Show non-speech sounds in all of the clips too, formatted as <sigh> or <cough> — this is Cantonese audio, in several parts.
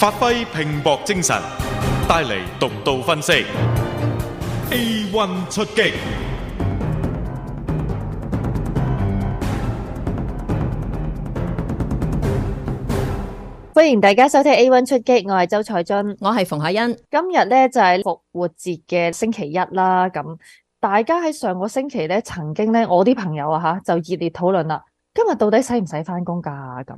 發揮拼搏精神，帶嚟獨到分析。A one 出擊，歡迎大家收聽 A one 出擊。我係周彩俊，我係馮海欣。今日咧就係復活節嘅星期一啦。咁大家喺上個星期咧，曾經咧，我啲朋友啊吓就熱烈討論啦。今日到底使唔使返工㗎咁？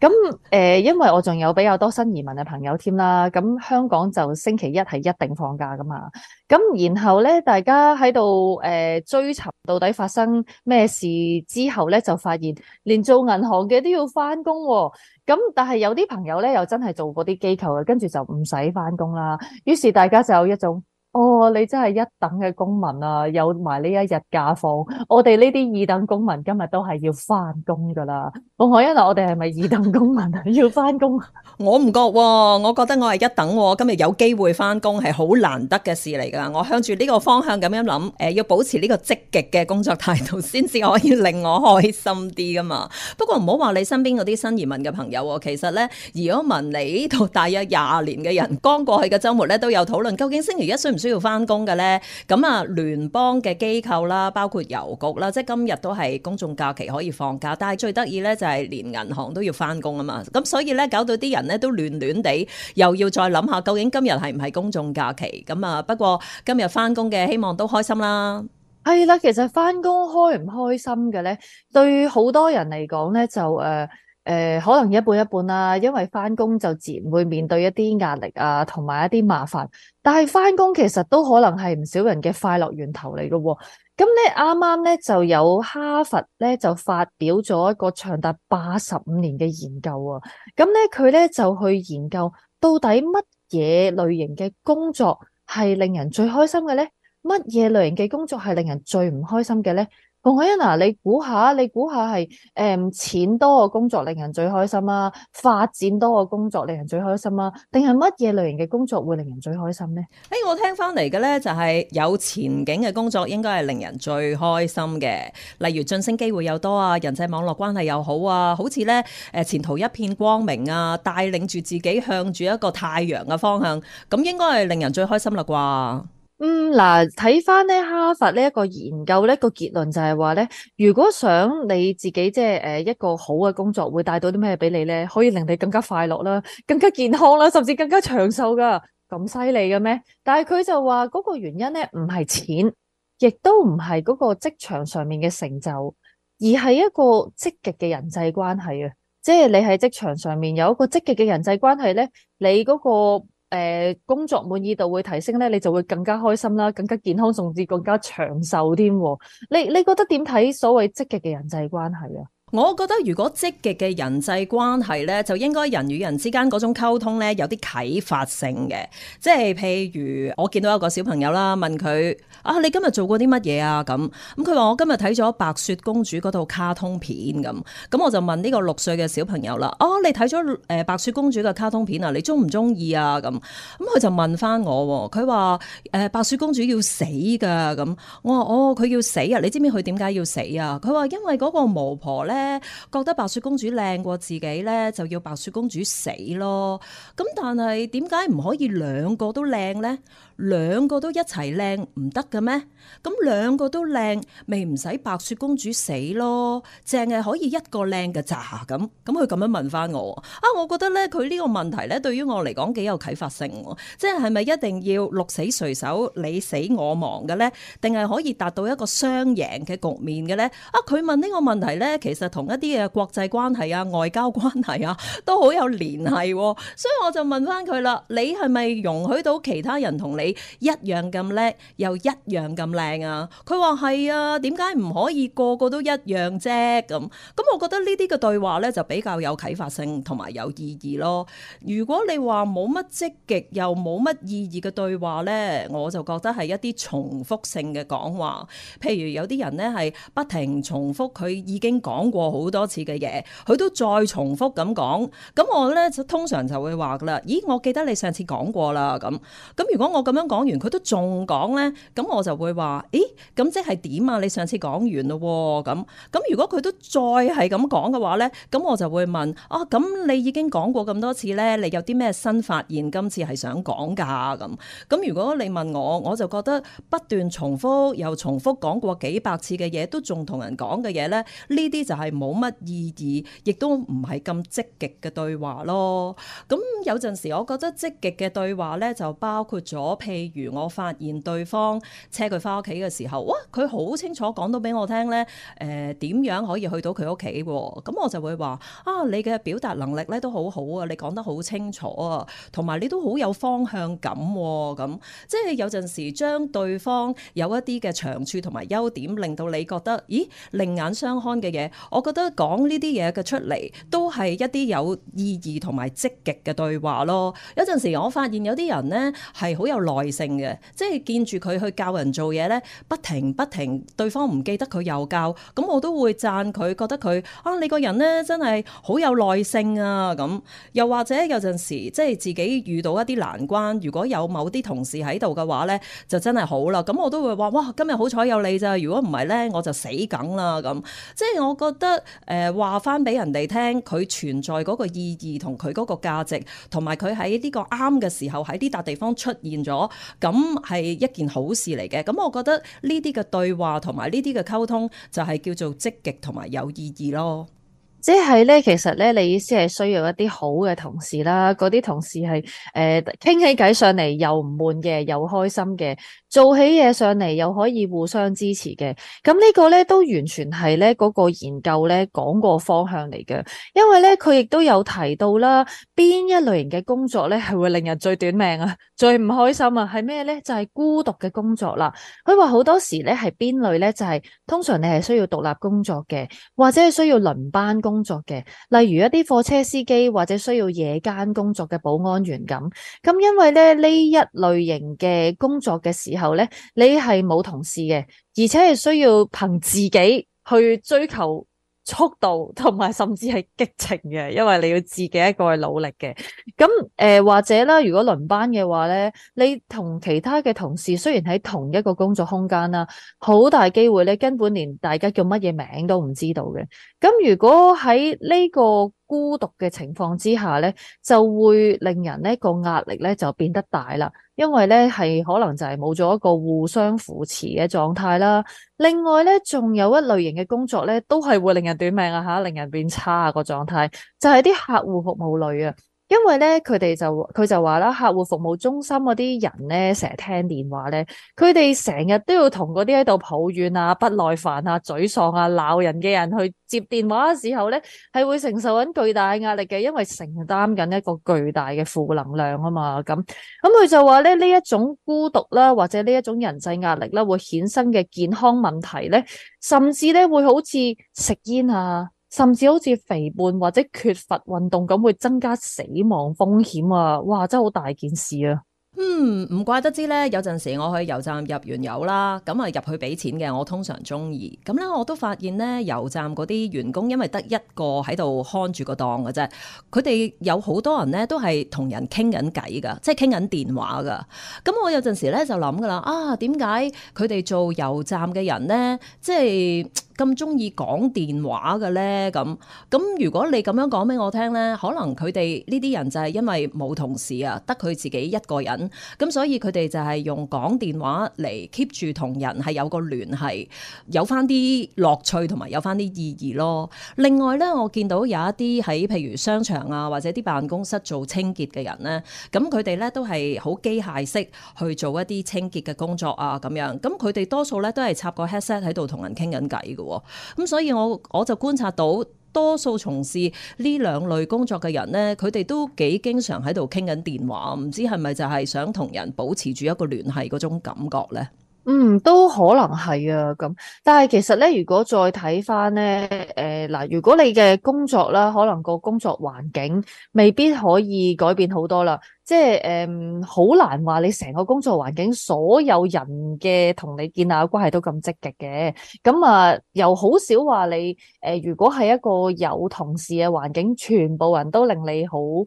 咁誒、呃，因為我仲有比較多新移民嘅朋友添啦，咁香港就星期一係一定放假噶嘛。咁然後咧，大家喺度誒追尋，到底發生咩事之後咧，就發現連做銀行嘅都要翻工喎。咁但係有啲朋友咧，又真係做嗰啲機構嘅，跟住就唔使翻工啦。於是大家就有一種。哦，你真係一等嘅公民啊！有埋呢一日假放，我哋呢啲二等公民今日都係要翻工噶啦。我因為啊，我哋係咪二等公民啊？要翻工？我唔覺喎，我覺得我係一等喎。今日有機會翻工係好難得嘅事嚟噶。我向住呢個方向咁樣諗，誒要保持呢個積極嘅工作態度，先至可以令我開心啲噶嘛。不過唔好話你身邊嗰啲新移民嘅朋友喎，其實咧，移民嚟呢度大約廿年嘅人，剛過去嘅週末咧都有討論，究竟星期一需唔需？都要翻工嘅咧，咁啊，聯邦嘅機構啦，包括郵局啦，即係今日都係公眾假期可以放假，但係最得意咧就係連銀行都要翻工啊嘛，咁所以咧搞到啲人咧都亂亂地，又要再諗下究竟今日係唔係公眾假期，咁啊不過今日翻工嘅希望都開心啦，係啦，其實翻工開唔開心嘅咧，對好多人嚟講咧就誒。呃誒、呃，可能一半一半啦，因為翻工就自然會面對一啲壓力啊，同埋一啲麻煩。但係翻工其實都可能係唔少人嘅快樂源頭嚟喎。咁咧啱啱咧就有哈佛咧就發表咗一個長達八十五年嘅研究啊。咁咧佢咧就去研究到底乜嘢類型嘅工作係令人最開心嘅咧？乜嘢類型嘅工作係令人最唔開心嘅咧？馮海欣嗱，你估下，你估下係誒錢多個工作令人最開心啊？發展多個工作令人最開心啊？定係乜嘢類型嘅工作會令人最開心呢？誒，hey, 我聽翻嚟嘅咧就係有前景嘅工作應該係令人最開心嘅，例如晉升機會又多啊，人際網絡關係又好啊，好似咧誒前途一片光明啊，帶領住自己向住一個太陽嘅方向，咁應該係令人最開心啦啩。嗯，嗱，睇翻咧哈佛，呢一個研究呢個結論就係話咧，如果想你自己即係誒一個好嘅工作會帶到啲咩俾你咧，可以令你更加快樂啦，更加健康啦，甚至更加長壽㗎，咁犀利嘅咩？但係佢就話嗰個原因咧，唔係錢，亦都唔係嗰個職場上面嘅成就，而係一個積極嘅人際關係啊，即係你喺職場上面有一個積極嘅人際關係咧，你嗰個。誒，工作滿意度會提升咧，你就會更加開心啦，更加健康，甚至更加長壽添喎。你你覺得點睇所謂積極嘅人際關係啊？我覺得如果積極嘅人際關係咧，就應該人與人之間嗰種溝通咧有啲啟發性嘅，即係譬如我見到一個小朋友啦，問佢啊，你今日做過啲乜嘢啊？咁咁佢話我今日睇咗白雪公主嗰套卡通片咁，咁我就問呢個六歲嘅小朋友啦，哦、啊，你睇咗誒白雪公主嘅卡通片啊？你中唔中意啊？咁咁佢就問翻我，佢話誒白雪公主要死噶，咁我話哦，佢要死啊？你知唔知佢點解要死啊？佢話因為嗰個巫婆咧。覺得白雪公主靚過自己呢，就要白雪公主死咯。咁但係點解唔可以兩個都靚呢？兩個都一齊靚唔得嘅咩？咁兩個都靚，咪唔使白雪公主死咯？淨係可以一個靚嘅咋咁？咁佢咁樣問翻我啊？我覺得咧，佢呢個問題咧，對於我嚟講幾有啟發性，即係係咪一定要鹿死誰手，你死我亡嘅咧？定係可以達到一個雙贏嘅局面嘅咧？啊！佢問呢個問題咧，其實同一啲嘅國際關係啊、外交關係啊，都好有聯繫，所以我就問翻佢啦：你係咪容許到其他人同你？一樣咁叻又一樣咁靚啊！佢話係啊，點解唔可以個個都一樣啫？咁咁，我覺得呢啲嘅對話呢就比較有啟發性同埋有意義咯。如果你話冇乜積極又冇乜意義嘅對話呢，我就覺得係一啲重複性嘅講話。譬如有啲人呢係不停重複佢已經講過好多次嘅嘢，佢都再重複咁講。咁我呢就通常就會話㗎啦：咦，我記得你上次講過啦。咁咁，如果我咁。咁樣講完佢都仲講咧，咁我就會話，誒，咁即係點啊？你上次講完咯，咁咁如果佢都再係咁講嘅話咧，咁我就會問啊，咁你已經講過咁多次咧，你有啲咩新發現今次係想講噶？咁咁如果你問我，我就覺得不斷重複又重複講過幾百次嘅嘢，都仲同人講嘅嘢咧，呢啲就係冇乜意義，亦都唔係咁積極嘅對話咯。咁有陣時我覺得積極嘅對話咧，就包括咗。譬如我發現對方車佢返屋企嘅時候，哇！佢好清楚講到俾我聽咧，誒、呃、點樣可以去到佢屋企，咁我就會話啊，你嘅表達能力咧都好好啊，你講得好清楚啊，同埋你都好有方向感咁。即係有陣時將對方有一啲嘅長處同埋優點令到你覺得咦，另眼相看嘅嘢。我覺得講呢啲嘢嘅出嚟，都係一啲有意義同埋積極嘅對話咯。有陣時候我發現有啲人咧係好有樂耐性嘅，即係見住佢去教人做嘢咧，不停不停，對方唔記得佢又教，咁我都會讚佢，覺得佢啊，你個人咧真係好有耐性啊！咁又或者有陣時，即係自己遇到一啲難關，如果有某啲同事喺度嘅話咧，就真係好啦。咁我都會話：哇，今日好彩有你咋！如果唔係咧，我就死梗啦！咁即係我覺得，誒、呃，話翻俾人哋聽，佢存在嗰個意義同佢嗰個價值，同埋佢喺呢個啱嘅時候喺呢笪地方出現咗。咁係一件好事嚟嘅，咁我覺得呢啲嘅對話同埋呢啲嘅溝通就係叫做積極同埋有意義咯。即係咧，其實咧，你意思係需要一啲好嘅同事啦，嗰啲同事係誒傾起偈上嚟又唔悶嘅，又開心嘅。做起嘢上嚟又可以互相支持嘅，咁呢個咧都完全係咧嗰個研究咧講個方向嚟嘅，因為咧佢亦都有提到啦，邊一類型嘅工作咧係會令人最短命啊、最唔開心啊，係咩咧？就係、是、孤獨嘅工作啦。佢話好多時咧係邊類咧，就係、是、通常你係需要獨立工作嘅，或者係需要輪班工作嘅，例如一啲貨車司機或者需要夜間工作嘅保安員咁。咁因為咧呢一類型嘅工作嘅時候。咧，你係冇同事嘅，而且係需要憑自己去追求速度，同埋甚至係激情嘅，因為你要自己一個去努力嘅。咁誒、呃，或者啦，如果輪班嘅話咧，你同其他嘅同事雖然喺同一個工作空間啦，好大機會咧，根本連大家叫乜嘢名都唔知道嘅。咁如果喺呢個孤獨嘅情況之下咧，就會令人呢個壓力咧就變得大啦，因為咧係可能就係冇咗一個互相扶持嘅狀態啦。另外咧，仲有一類型嘅工作咧，都係會令人短命啊吓，令人變差啊個狀態，就係、是、啲客戶服務類啊。因為咧，佢哋就佢就話啦，客戶服務中心嗰啲人咧，成日聽電話咧，佢哋成日都要同嗰啲喺度抱怨啊、不耐煩啊、沮喪啊、鬧人嘅人去接電話嘅時候咧，係會承受緊巨大壓力嘅，因為承擔緊一個巨大嘅負能量啊嘛。咁咁佢就話咧，呢一種孤獨啦、啊，或者呢一種人際壓力啦、啊，會衍生嘅健康問題咧，甚至咧會好似食煙啊。甚至好似肥胖或者缺乏運動咁，會增加死亡風險啊！嘩，真係好大件事啊！嗯，唔怪得知咧。有陣時我去油站入完油啦，咁啊入去俾錢嘅，我通常中意，咁咧我都發現咧，油站嗰啲員工因為得一個喺度看住個檔嘅啫，佢哋有好多人咧都係同人傾緊偈噶，即係傾緊電話噶。咁我有陣時咧就諗噶啦，啊點解佢哋做油站嘅人咧，即係咁中意講電話嘅咧？咁咁如果你咁樣講俾我聽咧，可能佢哋呢啲人就係因為冇同事啊，得佢自己一個人。咁所以佢哋就係用講電話嚟 keep 住同人係有個聯繫，有翻啲樂趣同埋有翻啲意義咯。另外咧，我見到有一啲喺譬如商場啊或者啲辦公室做清潔嘅人咧，咁佢哋咧都係好機械式去做一啲清潔嘅工作啊咁樣。咁佢哋多數咧都係插個 headset 喺度同人傾緊偈嘅。咁所以我我就觀察到。多數從事呢兩類工作嘅人呢，佢哋都幾經常喺度傾緊電話，唔知係咪就係想同人保持住一個聯繫嗰種感覺呢？嗯，都可能係啊，咁但係其實咧，如果再睇返咧，誒、呃、嗱，如果你嘅工作啦，可能個工作環境未必可以改變好多啦，即係誒好難話你成個工作環境所有人嘅同你建立嘅關係都咁積極嘅，咁啊又好少話你誒、呃，如果係一個有同事嘅環境，全部人都令你好誒，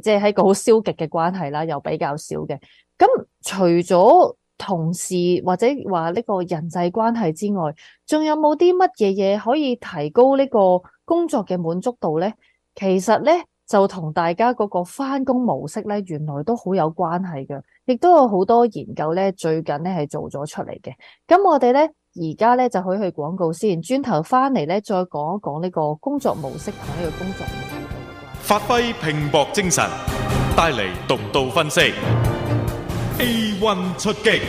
即係喺一個好消極嘅關係啦，又比較少嘅，咁除咗。同事或者話呢個人際關係之外，仲有冇啲乜嘢嘢可以提高呢個工作嘅滿足度呢？其實呢，就同大家嗰個翻工模式呢，原來都好有關係嘅，亦都有好多研究呢，最近呢係做咗出嚟嘅。咁我哋呢，而家呢就可以去廣告先，轉頭翻嚟呢，再講一講呢個工作模式同呢個工作模式。發揮拼搏精神，帶嚟獨到分析。A one 出擊，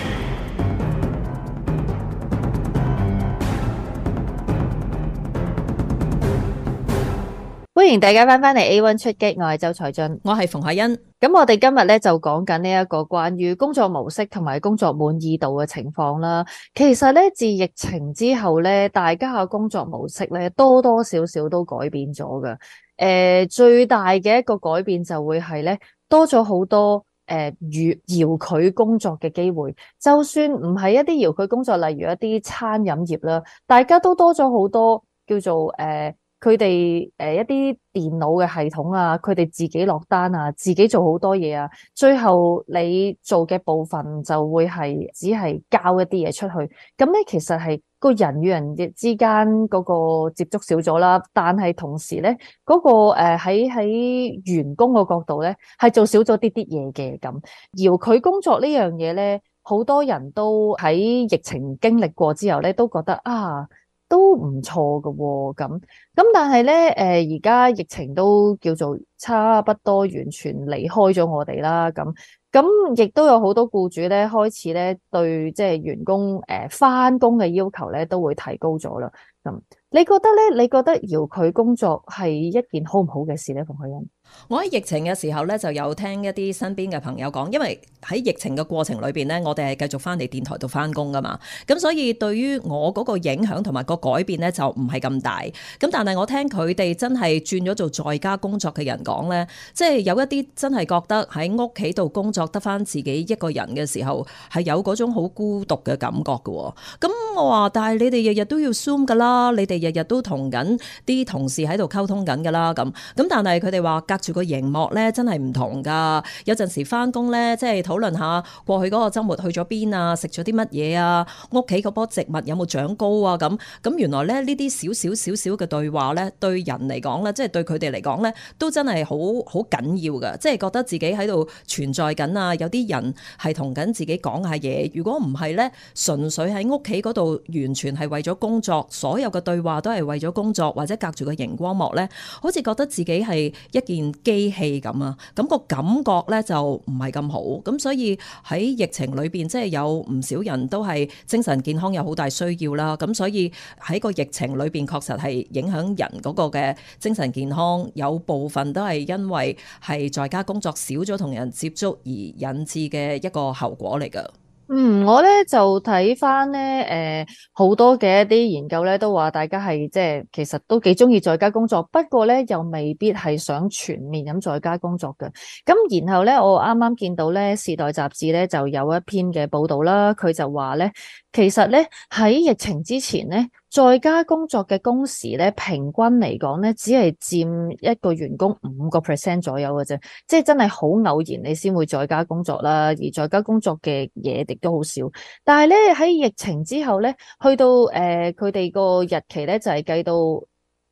歡迎大家翻返嚟 A one 出擊，我係周才俊，我係馮海欣。咁我哋今日咧就講緊呢一個關於工作模式同埋工作滿意度嘅情況啦。其實咧自疫情之後咧，大家嘅工作模式咧多多少少都改變咗㗎。誒、呃，最大嘅一個改變就會係咧多咗好多。誒遠遙距工作嘅機會，就算唔係一啲遙距工作，例如一啲餐飲業啦，大家都多咗好多叫做誒，佢哋誒一啲電腦嘅系統啊，佢哋自己落單啊，自己做好多嘢啊，最後你做嘅部分就會係只係交一啲嘢出去，咁咧其實係。個人與人之間嗰個接觸少咗啦，但係同時咧，嗰個誒喺喺員工個角度咧，係做少咗啲啲嘢嘅咁。而佢工作呢樣嘢咧，好多人都喺疫情經歷過之後咧，都覺得啊都唔錯嘅喎咁。咁但係咧誒，而家疫情都叫做差不多完全離開咗我哋啦咁。咁亦都有好多僱主咧，開始咧對即係員工誒翻工嘅要求咧，都會提高咗啦。咁你覺得咧？你覺得遙距工作係一件好唔好嘅事咧？馮海欣。我喺疫情嘅時候咧，就有聽一啲身邊嘅朋友講，因為喺疫情嘅過程裏邊咧，我哋係繼續返嚟電台度返工㗎嘛，咁所以對於我嗰個影響同埋個改變咧，就唔係咁大。咁但係我聽佢哋真係轉咗做在家工作嘅人講咧，即係有一啲真係覺得喺屋企度工作得返自己一個人嘅時候，係有嗰種好孤獨嘅感覺㗎。咁我話，但係你哋日日都要 Zoom 㗎啦，你哋日日都同緊啲同事喺度溝通緊㗎啦，咁咁但係佢哋話隔住個熒幕咧，真係唔同㗎。有陣時返工咧，即係討論下過去嗰個週末去咗邊啊，食咗啲乜嘢啊，屋企嗰棵植物有冇長高啊？咁咁原來咧呢啲少少少少嘅對話咧，對人嚟講咧，即係對佢哋嚟講咧，都真係好好緊要㗎。即係覺得自己喺度存在緊啊。有啲人係同緊自己講下嘢。如果唔係咧，純粹喺屋企嗰度，完全係為咗工作，所有嘅對話都係為咗工作，或者隔住個熒光幕咧，好似覺得自己係一件機器咁啊，咁個感覺咧就唔係咁好，咁所以喺疫情裏邊，即係有唔少人都係精神健康有好大需要啦。咁所以喺個疫情裏邊，確實係影響人嗰個嘅精神健康，有部分都係因為係在家工作少咗同人接觸而引致嘅一個後果嚟噶。嗯，我咧就睇返咧，誒、呃，好多嘅一啲研究咧都話，大家係即係其實都幾中意在家工作，不過咧又未必係想全面咁在家工作嘅。咁然後咧，我啱啱見到咧《時代雜誌》咧就有一篇嘅報道啦，佢就話咧，其實咧喺疫情之前咧。在家工作嘅工時咧，平均嚟講咧，只係佔一個員工五個 percent 左右嘅啫，即係真係好偶然你先會在家工作啦。而在家工作嘅嘢，亦都好少，但係咧喺疫情之後咧，去到誒佢哋個日期咧就係、是、計到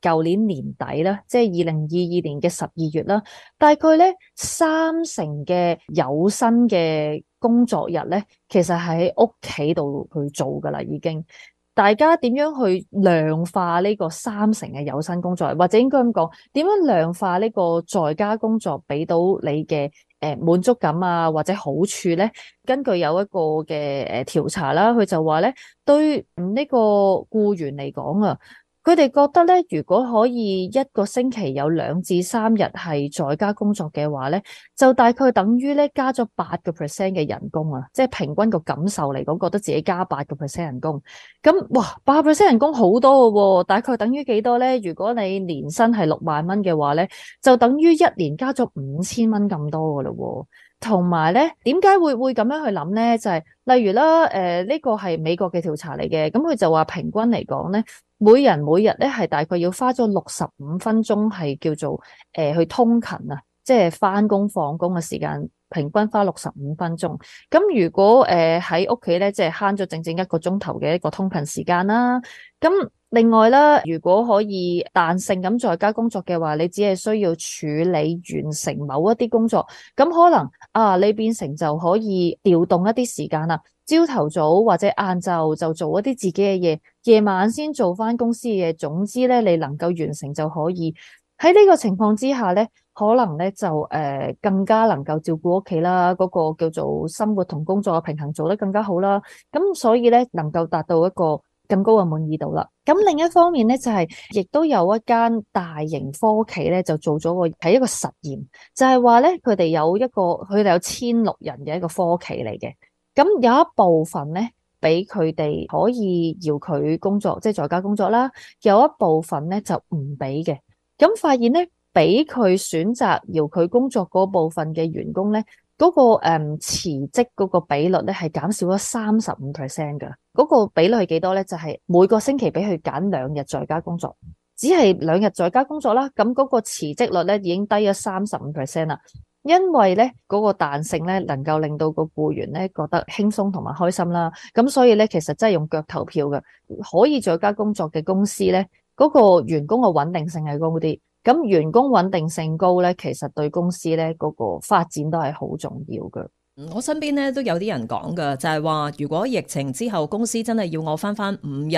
舊年年底啦，即係二零二二年嘅十二月啦，大概咧三成嘅有薪嘅工作日咧，其實喺屋企度去做噶啦已經。大家點樣去量化呢個三成嘅有薪工作，或者應該咁講，點樣量化呢個在家工作俾到你嘅誒滿足感啊，或者好處咧？根據有一個嘅誒調查啦，佢就話咧，對呢個雇員嚟講啊。佢哋覺得咧，如果可以一個星期有兩至三日係在家工作嘅話咧，就大概等於咧加咗八個 percent 嘅人工啊！即係平均個感受嚟講，覺得自己加八個 percent 人工。咁哇，八個 percent 人工好多嘅、啊、喎，大概等於幾多咧？如果你年薪係六萬蚊嘅話咧，就等於一年加咗五千蚊咁多㗎咯喎。同埋咧，點解會會咁樣去諗咧？就係、是、例如啦，呢、呃呢個係美國嘅調查嚟嘅，咁佢就話平均嚟講咧。每人每日咧係大概要花咗六十五分鐘係叫做誒、呃、去通勤啊，即係返工放工嘅時間，平均花六十五分鐘。咁如果誒喺屋企咧，即係慳咗整整一個鐘頭嘅一個通勤時間啦。咁另外啦，如果可以彈性咁在家工作嘅話，你只係需要處理完成某一啲工作，咁可能啊，你變成就可以調動一啲時間啦，朝頭早或者晏晝就做一啲自己嘅嘢，夜晚先做返公司嘅嘢。總之呢，你能夠完成就可以喺呢個情況之下呢，可能呢就呃更加能夠照顧屋企啦，嗰個叫做生活同工作嘅平衡做得更加好啦。咁所以呢，能夠達到一個。咁高嘅滿意度啦。咁另一方面咧，就係亦都有一間大型科企咧，就做咗個係一個實驗，就係話咧，佢哋有一個佢哋有千六人嘅一個科企嚟嘅。咁有一部分咧，俾佢哋可以遙距工作，即係在家工作啦。有一部分咧就唔俾嘅。咁發現咧，俾佢選擇遙距工作嗰部分嘅員工咧。嗰個誒辭職嗰個比率咧係減少咗三十五 percent 嘅，嗰個比率係幾多咧？就係每個星期俾佢揀兩日在家工作，只係兩日在家工作啦。咁嗰個辭職率咧已經低咗三十五 percent 啦。因為咧嗰個彈性咧能夠令到個僱員咧覺得輕鬆同埋開心啦。咁所以咧，其實真係用腳投票嘅，可以在家工作嘅公司咧，嗰個員工嘅穩定性係高啲。咁員工穩定性高咧，其實對公司咧嗰個發展都係好重要嘅。我身邊咧都有啲人講噶，就係話如果疫情之後公司真係要我翻翻五日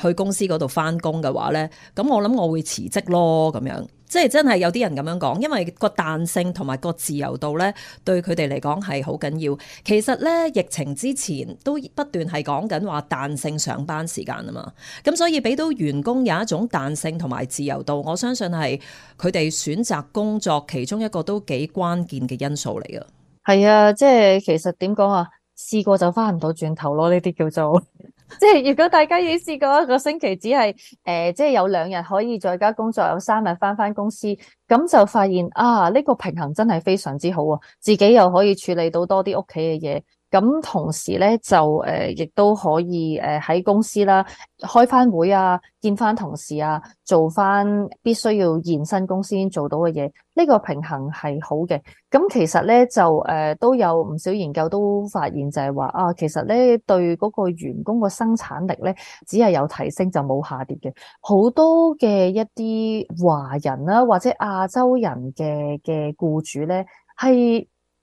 去公司嗰度翻工嘅話咧，咁我諗我會辭職咯，咁樣。即係真係有啲人咁樣講，因為個彈性同埋個自由度咧，對佢哋嚟講係好緊要的。其實咧，疫情之前都不斷係講緊話彈性上班時間啊嘛，咁所以俾到員工有一種彈性同埋自由度，我相信係佢哋選擇工作其中一個都幾關鍵嘅因素嚟嘅。係啊，即係其實點講啊？試過就翻唔到轉頭咯，呢啲叫做。 <laughs> 即係如果大家已試過一個星期只是，只係誒，即係有兩日可以在家工作，有三日返返公司，咁就發現啊，呢個平衡真係非常之好喎。自己又可以處理到多啲屋企嘅嘢。咁同時咧就誒亦、呃、都可以誒喺、呃、公司啦，開翻會啊，見翻同事啊，做翻必須要現身公司先做到嘅嘢，呢個平衡係好嘅。咁其實咧就誒、呃、都有唔少研究都發現就係話啊，其實咧對嗰個員工嘅生產力咧只係有提升就冇下跌嘅。好多嘅一啲華人啦、啊、或者亞洲人嘅嘅僱主咧係。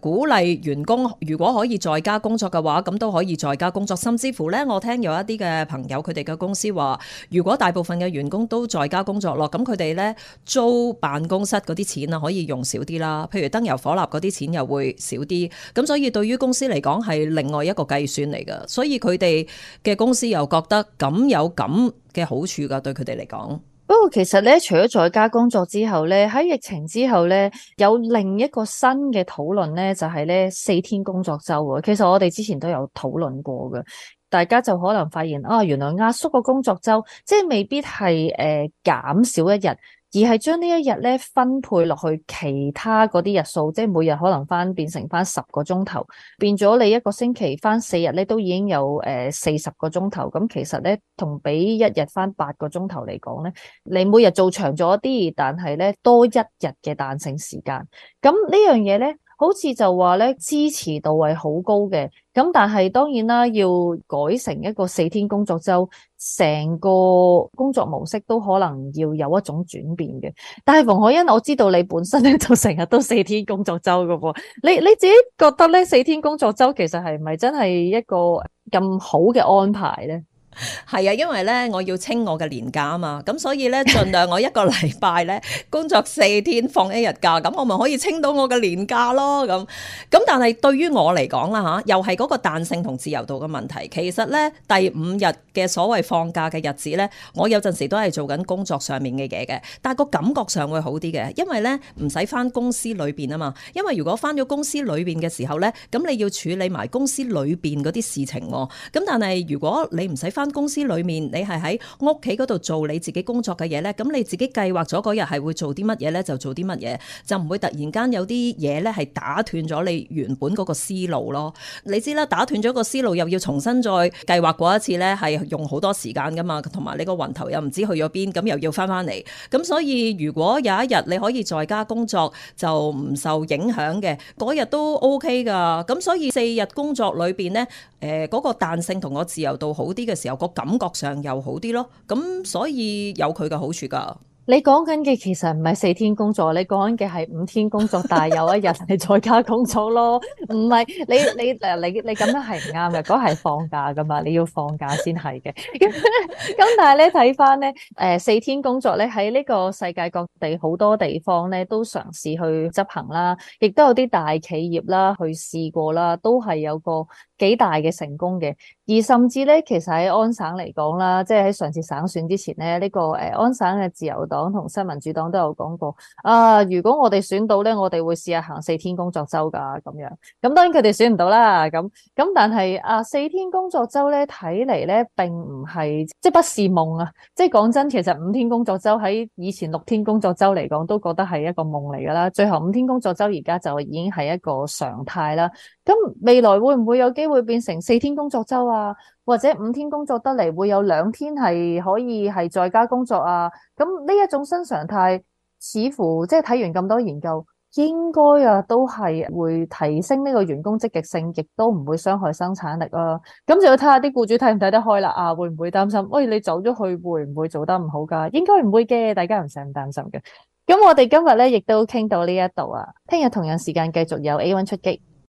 鼓勵員工如果可以在家工作嘅話，咁都可以在家工作。甚至乎咧，我聽有一啲嘅朋友佢哋嘅公司話，如果大部分嘅員工都在家工作咯，咁佢哋咧租辦公室嗰啲錢啦，可以用少啲啦。譬如燈油火蠟嗰啲錢又會少啲。咁所以對於公司嚟講係另外一個計算嚟噶，所以佢哋嘅公司又覺得咁有咁嘅好處噶，對佢哋嚟講。不過其實咧，除咗在家工作之後咧，喺疫情之後咧，有另一個新嘅討論咧，就係咧四天工作周啊。其實我哋之前都有討論過嘅，大家就可能發現啊，原來壓縮個工作周，即係未必係誒、呃、減少一日。而係將呢一日咧分配落去其他嗰啲日數，即係每日可能翻變成翻十個鐘頭，變咗你一個星期翻四日咧都已經有誒四十個鐘頭。咁其實咧同比一日翻八個鐘頭嚟講咧，你每日做長咗啲，但係咧多一日嘅彈性時間。咁呢樣嘢咧。好似就話咧支持度係好高嘅，咁但係當然啦，要改成一個四天工作周，成個工作模式都可能要有一種轉變嘅。但係馮可欣，我知道你本身咧就成日都四天工作周㗎喎，你你自己覺得咧四天工作周其實係咪真係一個咁好嘅安排咧？係啊，因為咧我要清我嘅年假啊嘛，咁所以咧盡量我一個禮拜咧工作四天， <laughs> 放一日假，咁我咪可以清到我嘅年假咯。咁咁但係對於我嚟講啦，吓又係嗰個彈性同自由度嘅問題。其實咧第五日嘅所謂放假嘅日子咧，我有陣時都係做緊工作上面嘅嘢嘅，但係個感覺上會好啲嘅，因為咧唔使翻公司裏邊啊嘛。因為如果翻咗公司裏邊嘅時候咧，咁你要處理埋公司裏邊嗰啲事情，咁但係如果你唔使翻。翻公司裏面，你係喺屋企嗰度做你自己工作嘅嘢咧，咁你自己計劃咗嗰日係會做啲乜嘢咧，就做啲乜嘢，就唔會突然間有啲嘢咧係打斷咗你原本嗰個思路咯。你知啦，打斷咗個思路又要重新再計劃過一次咧，係用好多時間噶嘛，同埋你個魂頭又唔知去咗邊，咁又要翻翻嚟。咁所以如果有一日你可以在家工作，就唔受影響嘅，嗰日都 OK 噶。咁所以四日工作裏邊咧，誒、那、嗰個彈性同我自由度好啲嘅時由個感覺上又好啲咯，咁所以有佢嘅好處噶。你講緊嘅其實唔係四天工作，你講緊嘅係五天工作， <laughs> 但係有一日你在家工作咯。唔係你你你你咁樣係唔啱嘅，嗰係放假噶嘛，你要放假先係嘅。咁 <laughs> 但係咧睇翻咧誒、四天工作咧喺呢個世界各地好多地方咧都嘗試去執行啦，亦都有啲大企業啦去試過啦，都係有個。幾大嘅成功嘅，而甚至咧，其實喺安省嚟講啦，即係喺上次省選之前咧，呢個誒安省嘅自由黨同新民主黨都有講過，啊，如果我哋選到咧，我哋會試下行四天工作周噶咁樣。咁當然佢哋選唔到啦，咁咁但係啊四天工作周咧睇嚟咧，並唔係即係不是夢啊，即係講真，其實五天工作周喺以前六天工作周嚟講，都覺得係一個夢嚟噶啦。最後五天工作周而家就已經係一個常態啦。咁未來會唔會有機會變成四天工作周啊？或者五天工作得嚟會有兩天係可以係在家工作啊？咁呢一種新常態，似乎即係睇完咁多研究，應該啊都係會提升呢個員工積極性，亦都唔會傷害生產力啊。咁就要睇下啲雇主睇唔睇得開啦。啊，會唔會擔心？喂、哎，你走咗去會唔會做得唔好噶？應該唔會嘅，大家唔使咁擔心嘅。咁我哋今日咧亦都傾到呢一度啊。聽日同樣時間繼續有 A one 出擊。